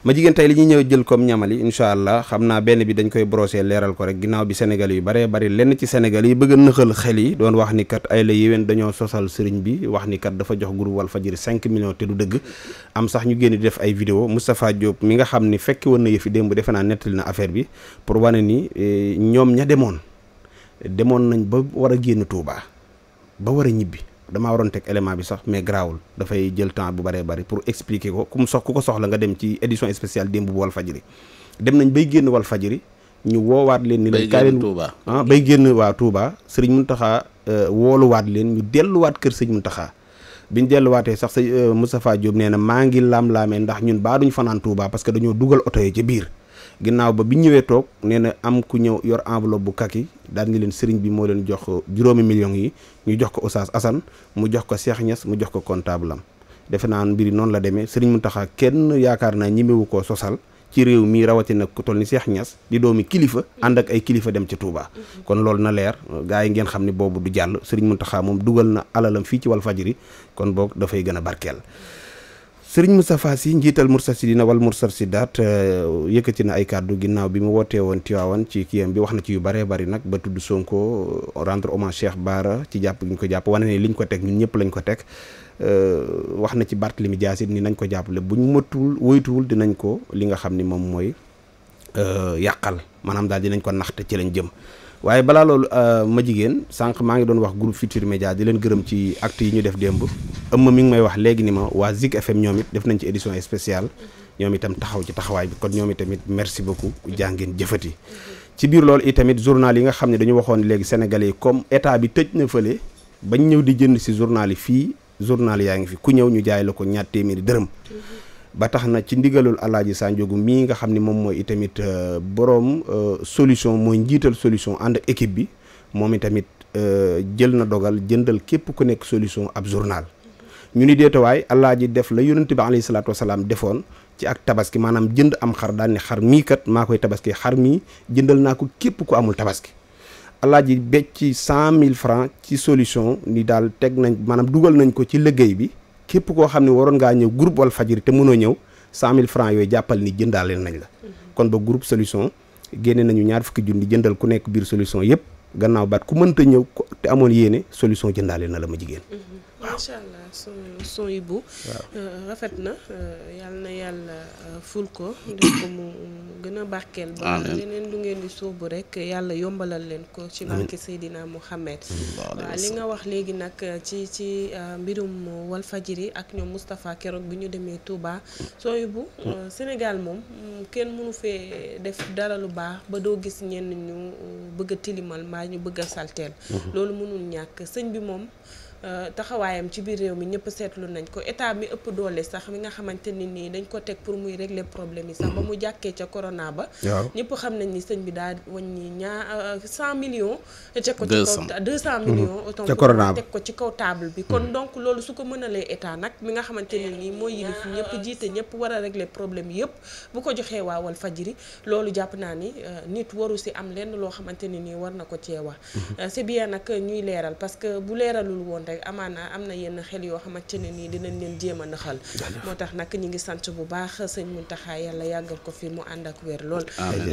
ma jigéen tey li ñuy ñëw jël comme ñamali incha allah xam naa benn bi dañ koy brosser leeral ko rek ginnaaw bi Sénégal yu bare bari lenn ci Sénégal yi bëgg a nëxal xel yi doon wax ni kat ay la yéwén dañoo sosal sëriñ bi wax ni kat dafa jox groupe Walfadjri cinq millions te du dëgg am sax ñu génn di def ay video Moustapha Diop mi nga xam ni fekki woon na yëfi démb defe naa nettali na affaire bi pour wane ni e, ñoom ña demoon demoon nañ ba war a génn Touba ba war ñibbi damaa waroon teg élément bi sax mais garaawul dafay jël temps bu bëree bari pour expliquer ko ku mu sox ko soxla nga dem ci édition spéciale démb bu Walfadjri dem nañ bay génn Walfadjri ñu woowaat leen ni leen kaay leen ah bay génn waa Touba sëriñ Mountakha euh, wooluwaat leen ñu delluwaat kër sëriñ Mountakha biñ delluwaatee sax sa euh, Moustapha Diop nee na maa ngi laam-laamee ndax ñun baa duñ fanaan Touba parce que dañoo dugal oto yi ci biir ginnaaw ba bi ñëwee toog nee na am ku ñëw yor enveloppe bu kaki daal ni leen sëriñ bi moo leen jox euh, juróomi millions yi ñu jox ko Oustaz Assane mu jox ko Cheikh ñas mu jox ko comptable am defe naa mbiri noonu la demee sëriñ Mountakha kenn yaakaar naa ñemewu ko sosal ci réew mi rawatina ku toll ni Cheikh Niass di doomi kilifa ànd ak ay kilifa dem ca Touba. Mm-hmm. kon loolu na leer euh, gars yi ngeen xam ne boobu du jàll sëriñ taxaa moom dugal na alalam fii ci Walfadjri kon boog dafay gën a barkeel sëriñ Moustapha Sy njiital Moustarchidina wal Moustarchidaat eh, yëkkati na ay kàddu ginnaaw bi mu wootee woon Tiwaawan ci kiyam bi wax na ci yu bare bari nag ba tudd Sonko rendre hommage Cheikh Bara ci jàpp gi ñu ko jàpp wane ne ñu ko teg ñun ñëpp lañ ko teg eh, wax na ci Barthélémy Dias it ni nañ ko jàppale buñ mëtuwul woytuwul dinañ ko li nga xam ni moom mooy eh, yàqal maanaam daal dinañ ko naxte ci lañ jëm waaye balaa loolu euh, ma jigéen sànq maa ngi doon wax groupe Futurs Médias di leen gërëm ci acte yi ñu def démb ëmm mi ngi may wax léegi ni ma waa Zik FM ñoom it def nañ ci édition spéciale ñoom itam taxaw ci taxawaay bi kon ñoom itamit merci beaucoup jàngeen jëfati ci biir loolu itamit journal yi nga xam ne dañu waxoon léegi sénégalais yi comme état bi tëj na fële bañ ñëw di jënd si journal yi fii journal yaa ngi fi ku ñëw ñu jaay la ko ñaar téeméeri dërëm ba tax na ci ndigalul alaaji Sanjogu mii nga xam ni moom mooy itamit euh, boroom euh, solution mooy njiital solution ànd ak équipe bi moom itamit euh, jël na dogal jëndal képp ku nekk solution ab journal ñu ni deetawaay alaaji def la yonent bi alayhi salaatu wasalaam defoon ci ak tabaski maanaam jënd am xar daal ni xar mii kat maa koy tabaski xar mii jëndal naa ko képp ku amul tabaski alaaji becc cent mille francs ci solution ni daal teg nañ maanaam dugal nañ ko ci liggéey bi képp koo xam ne waroon ngaa ñëw groupe Walfadjri te mënoo ñëw cent mille francs yooyu jàppal ni jëndaaleel nañ la kon ba groupe solution génne nañu ñaar fukki junni jëndal ku nekk biir solution yëpp gannaaw baat ku mënta ñëw te amoon yéene solution jëndaale na la ma jigéen macha allah son son yi bu euh, rafet na euh, yal na yàlla euh, ful ko def ko mu gën a barkeel ba leneen lu ngeen di suuf bu rek yàlla yombalal leen ko ci barke Seydina Mouhamed waaw li nga wax léegi nag ci ci mbirum Walfajiri ak ñoom Moustapha Keroog bi ñu demee Touba son yi bu Sénégal moom mm, kenn mënu fee def dara lu baax ba doo gis ñenn ñu bëgg a tilimal mbaa ñu bëgg a salteel mhm. loolu mënul ñàkk sëñ bi moom Euh, taxawaayam ci biir réew mi ñëpp seetlu nañ ko état mi ëpp doole sax mi nga xamante ni nii dañ ko teg pour muy régler problème yi sax ba mu jàkkee ca corona ba ñëpp xam nañ ni sëñ bi daa wàññi ñaa euh, cent millions teg ko ci kaw deux cent millions mhm. autant teg ko ci kaw table bi kon mhm. donc loolu su ko mënalee état nag mi nga xamante ni nii mooy yilif ñëpp jiite ñëpp war a régler problème yëpp bu ko joxee waa Walfadjri loolu jàpp naa ni euh, nit waru si am lenn loo xamante ni nii war na ko cee wax mhm. c'est bien nag ñuy leeral parce que bu leeralul woon rek amaana am na yenn xel yoo xamante ne nii dinañ leen jéem a naxal moo tax nag ñi ngi sant bu baax sañ sëñ Mountakha yàlla yàggal ko fi mu ànd ak wér lool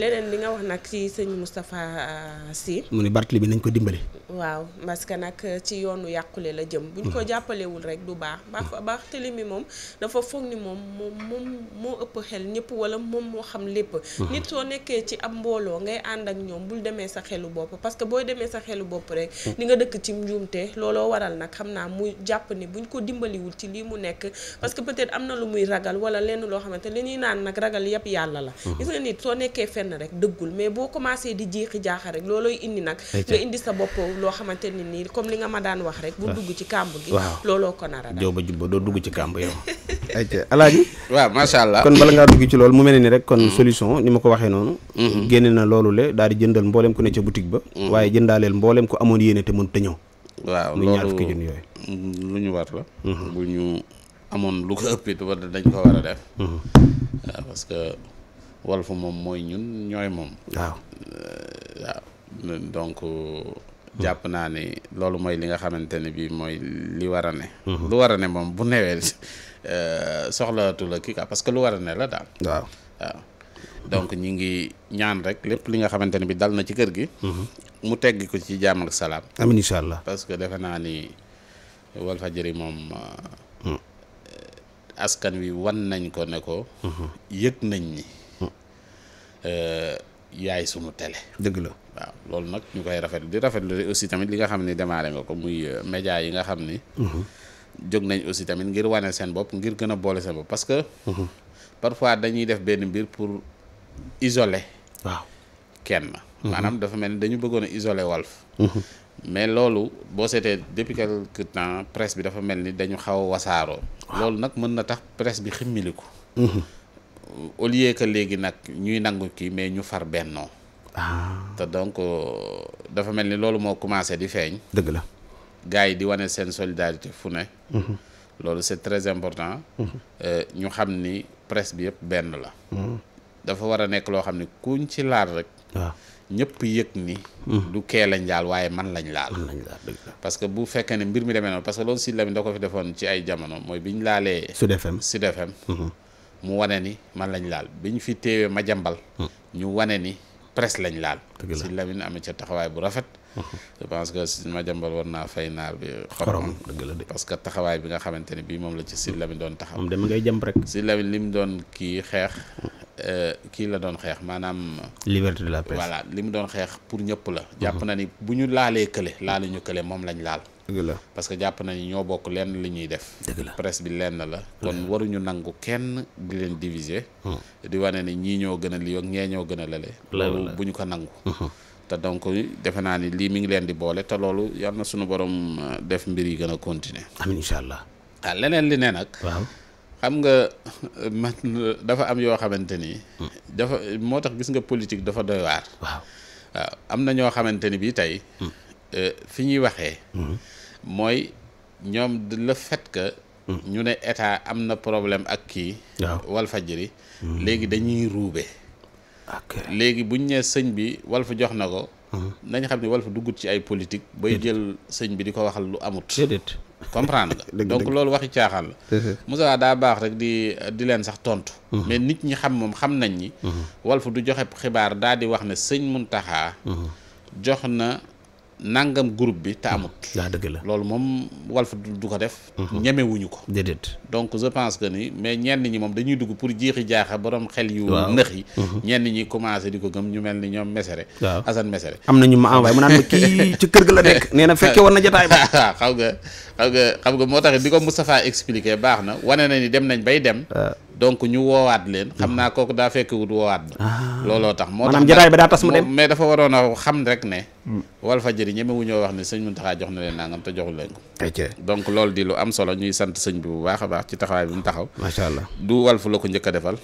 leneen li nga wax nag ci sëñ Moustapha ah, Sy mu ni bi nañ ko dimbali waaw parce que nag euh, ci yoonu yàqule la jëm. buñ ko mhm. jàppalewul rek du baax. baax baax te li mi moom dafa foog ni moom moom moom moo ëpp xel ñëpp wala moom moo xam lépp. Mhm. nit soo nekkee ci ab mbooloo ngay ànd ak ñoom bul demee sa xelu bopp parce que booy demee sa xelu bopp rek. ni mhm. nga dëkk ci njuumte looloo waral nag xam naa mu jàpp ni buñ ko dimbaliwul ci lii mu nekk parce que peut-être am na lu muy ragal wala lenn loo xamante li ñuy naan nag ragal yëpp yàlla la. gis nga nit soo nekkee fenn rek dëggul mais boo commencé di jiixi jaaxal rek loolooy indi nag. nga indi sa bopp loo xamante ni nii comme li nga ma daan wax rek. bu ah. dugg ci kàmb gi. looloo ko nar a daal. jooba jubba doo dugg ci kàmb yow. ayca alaaji. waaw macha allah kon bala ngaa dugg ci loolu mu mel ni rek kon mm. solution ni ma ko waxee noonu. Mm-hmm. génne na loolu le daal di jëndal mboolem ku ne ca boutique ba. Mm-hmm. waaye jëndaaleel mboolem ku amoon yéene te mënut a ñëw. waaw loolu muy ñaar fukki junni yooyu. Mm, lu ñu war la. Mm-hmm. bu ñu amoon lu ko ëppit war dañ ko war a def. waaw parce que Walf moom mooy ñun ñooy moom. waaw euh, euh, jàpp naa ne loolu mooy li nga xamante ne bii mooy li war a ne. Mhm. lu war a ne moom bu newee euh, soxlaatu la kii quoi parce que lu war a ne la daal. waaw waaw donc ñi ngi ñaan rek lépp li nga xamante ne bii dal na ci kër gi. Mhm. mu tegg ko ci jàmm ak salaam. amiin incha allah parce que defe naa ni Walfadjri moom. Euh, mhm. askan wi wan nañ ko ne ko. yëg nañ ni. Euh, yaay sunu télé. dëgg loolu nag ñu koy rafetlu di rafetlu aussi tamit li nga xam ni démarré nga ko muy euh, média yi nga xam ni. Mhm. jóg nañ aussi tamit ngir wane seen bopp ngir gën a boole seen bopp parce que. Mhm. parfois dañuy def benn mbir pour isole waaw kenn. Mhm. maanaam dafa mel ni dañu bëggoon a isoler Walf. mais loolu boo seetee depuis quelque temps presse bi dafa mel ni dañu xaw a wasaaroo. loolu nag mën na tax presse bi ximmiliku. au lieu que léegi nag ñuy nangu kii mais ñu far bennoo. Ah. te donc euh, dafa mel ni loolu moo commencé di feeñ. dëgg la gars yi di wane seen solidarité fu ne. Mhm. loolu c'est très important. Mhm. Euh, ñu xam ni presse bi yëpp benn la. Mhm. dafa war a nekk loo xam ni kuñ ci laal rek. waaw ah. ñëpp yëg ni. du kee lañ laal waaye man lañ laal. man laal dëgg parce que bu fekkee ne mbir mi demee noonu parce que loolu Sidi Lamine da ko fi defoon ci ay jamono mooy bi ñu laalee. Sud FM Sud FM. mu wane ni man lañ laal bi ñu fi teewee ma jàmbal. ñu wane ni. presse lañ laal. si Lamine amee ca taxawaay bu rafet. Mhm. je pense que si ma jàmbal war naa fay naar bi. xorom dëgg parce que taxawaay bi nga xamante ne bii moom la ci si mm. Lamine doon taxaw. moom dem ngay jàmb rek. si Lamine lim doon kii xeex. Euh, kii la doon xeex maanaam. liberté de la presse voilà li mu doon xeex pour ñëpp la. Mhm. jàpp na ni bu ñu laalee kële laaluñu kële moom lañ laal. dëgg la parce que jàpp nañu ñoo bokk lenn li ñuy def. dëgg la presse bi lenn la. kon waruñu nangu kenn di leen diviser. Hmm. di wane ne ñii ñoo gën a lii ak ñee ñoo gën a lale. loolu bu ñu ko nangu. Hmm. te donc defe naa ni lii mi ngi leen di boole te loolu yal na suñu borom euh, def mbir yi gën a continuer. amiin allah. Ah, leneen li ne nag. xam nga euh, man euh, dafa am yoo xamante ni. Hmm. dafa moo tax gis nga politique dafa doy waar. waaw ah, am na ñoo xamante ni bii tey. Euh, fi ñuy waxee. mooy ñoom le fait que. ñu ne état am na problème ak kii. waaw Walfadjri hmm. léegi dañuy ruube. léegi buñ nee sëñ bi Walf jox na ko. Hmm. nañ xam ne Walf duggut ci ay politique. bay jël sëñ bi di ko waxal lu amut. déedéet comprendre nga donc loolu waxi caaxaan la. Moussa daa baax rek di di leen sax tontu. Hmm. mais nit ñi xam moom xam nañ ni. Walf du joxe xibaar daal di wax ne sëñ Muntaxa jox na. nangam groupe bi te amut. waaw dëgg la loolu moom Walf du ko def. Mhm. ñemewuñu ko. déedéet donc je pense que ni mais ñenn ñi moom dañuy dugg pour jeexi jaaxa borom xel yu. nëx yi mhm. ñenn ñi commencé di ko gëm ñu mel ni ñoom mesere. waaw Assane mesere. am na ñu ma envoyé mu naan ma kii ci kër ga la nekk nee na fekke woon na jotaay ba. xaw nga xaw ga xam nga moo tax di ko Moustapha expliqué baax na wane na ni dem nañ bay dem. donc ñu woowaat leen xam naa kooku daa fekk wut woowaat ah. looloo tax moo tax jotaay ba daa tas mu dem mais dafa waroon a xam rek ne hmm. Walfadjri ñeme wu ñoo wax ne sëñ Mountakha jox na leen nangam te joxul leen ko donc loolu di lu am solo ñuy sant sëñ bi bu baax a baax ci taxawaay bi mu taxaw macha allah du wal fu la ko njëkk a defal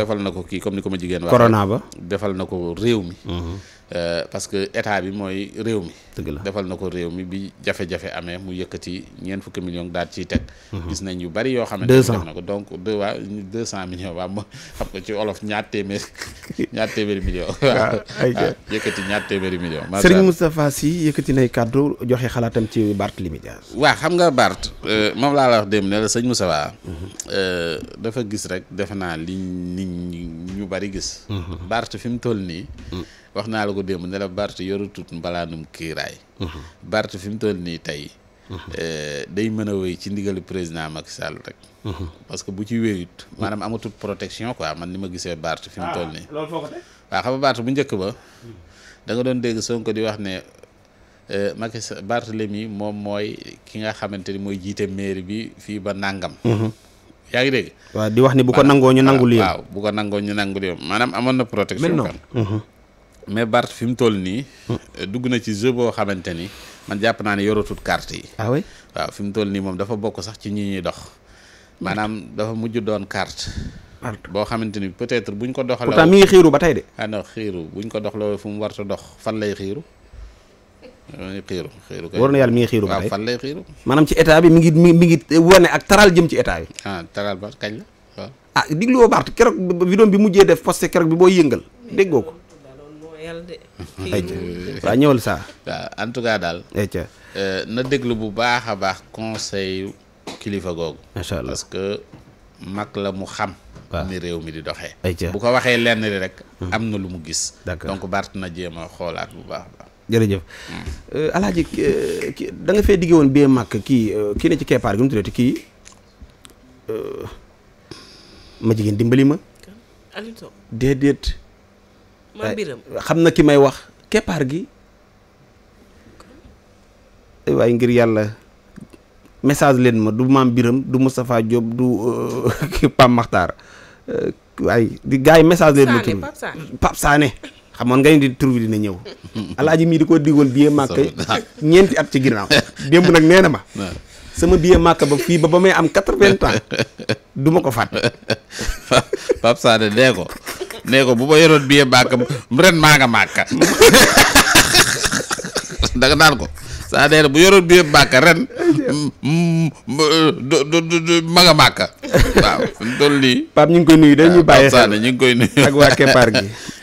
defal na ko kii comme ni ko ma jigéen wax corona ba defal na ko réew mi hmm. Euh, parce que état bi mooy réew mi. dëgg la defal na ko réew mi bi jafe-jafe amee mu yëkkati ñeent fukki million daal ci teg. Mhm. gis nañ yu bari yoo xam ne. def na donc deux waa deux cent millions waaw ma xam nga ci olof ñaar téeméer ñaar téeméeri millions. waaw ayca ah, ah, yëkkati ñaar téeméeri millions. macha Serigne Moustapha Sy yëkkati nay kàddu joxe xalaatam ci Barthélémy Dias. waaw xam nga Bart euh, moom laa la wax démb ne la sëñ Moustapha. Mhm. Euh, dafa gis rek defe naa li nit ñu bari gis. Mhm. Bart fi toll nii. wax naa la ko démb ne la Barth yorutut mbalaanum kiiraay. Uh-huh. Barth fi mu toll nii tey. Uh-huh. Eh, day mën a wéy ci ndigalu président Macky Sall rek. Uh-huh. parce que bu ci wéyut. maanaam amatul protection quoi man ni ma gisee Barth fi mu toll nii. Ah, loolu xam nga Barth bu njëkk ba. Hmm. danga doon dégg Sonko di wax ne. Eh, Macky Sall Barthélemy moom mooy ki nga xamante ni mooy jiite mairie bi fii ba nàngam yaa ngi dégg waaw di wax ni bu ko nangoo ñu nangu lii waaw maanaam amoon na protection mais Bart fi mu toll nii. dugg na ci jeu boo xamante ni man jàpp naa ne yoratut carte yi. ah waaw fi mu toll nii moom dafa bokk sax ci ñi ñuy dox. maanaam dafa mujj doon carte. boo xamante ni peut-être buñ ko doxaloo. pourtant mi ngi xiiru ba tey de. ah non xiiru buñ ko doxaloo fu mu warta dox fan lay xiiru. xiiru xiiru kay war na yàlla mi ngi xiiru ba tey waaw fan lay xiiru. maanaam ci état bi mi ngi mi ngi wane ak taral jëm ci état bi. ah taral ba kañ la waaw. ah diglu woo Bart keroog vidéo bi mujjee def posté keroog bi boo yëngal déggoo ko. yàlla de. waa ñëwal saa. waaw en tout cas daal. Euh, na déglu bu baax a baax conseil kilifa googu. macha allah parce que mag la mu xam. ni réew mi di doxee. bu ko waxee lenn li rek. Hmm. am na lu mu gis. donc Bart na jéem a xoolaat bu baax a baax. jërëjëf hmm. euh, alaaji euh, da nga fee digge woon bee mag kii kii ne ci keppaar gi mu tuddati kii ma jigéen dimbali ma déedéet maam eh, xam na ki may wax keppaar gi waaye ngir yàlla message leen ma du maam biram du Moustapha Diop du Pam Maxtaar waaye di gaa yi message leen ma tur Pape Sané xamoon nga ni di tur bi dina ñëw alaaji mii di ko digoon biee màkk ñeenti at ci ginnaaw démb nag nee ma sama biee màkk ba fii ba ba may am quatre-vingts ans du ma ko fàtte Pape Sané nee ko nee ko bu ma yoroon billet màkk ren maa nga màkk danga naan ko c'est-à-dire bu yoroon billet màkk ren ma nga màkk waaw dool lii Pape ñu ngi koy nuyu dañuy bàyyi xel ñu ngi koy nuyu ak waa keppaar gi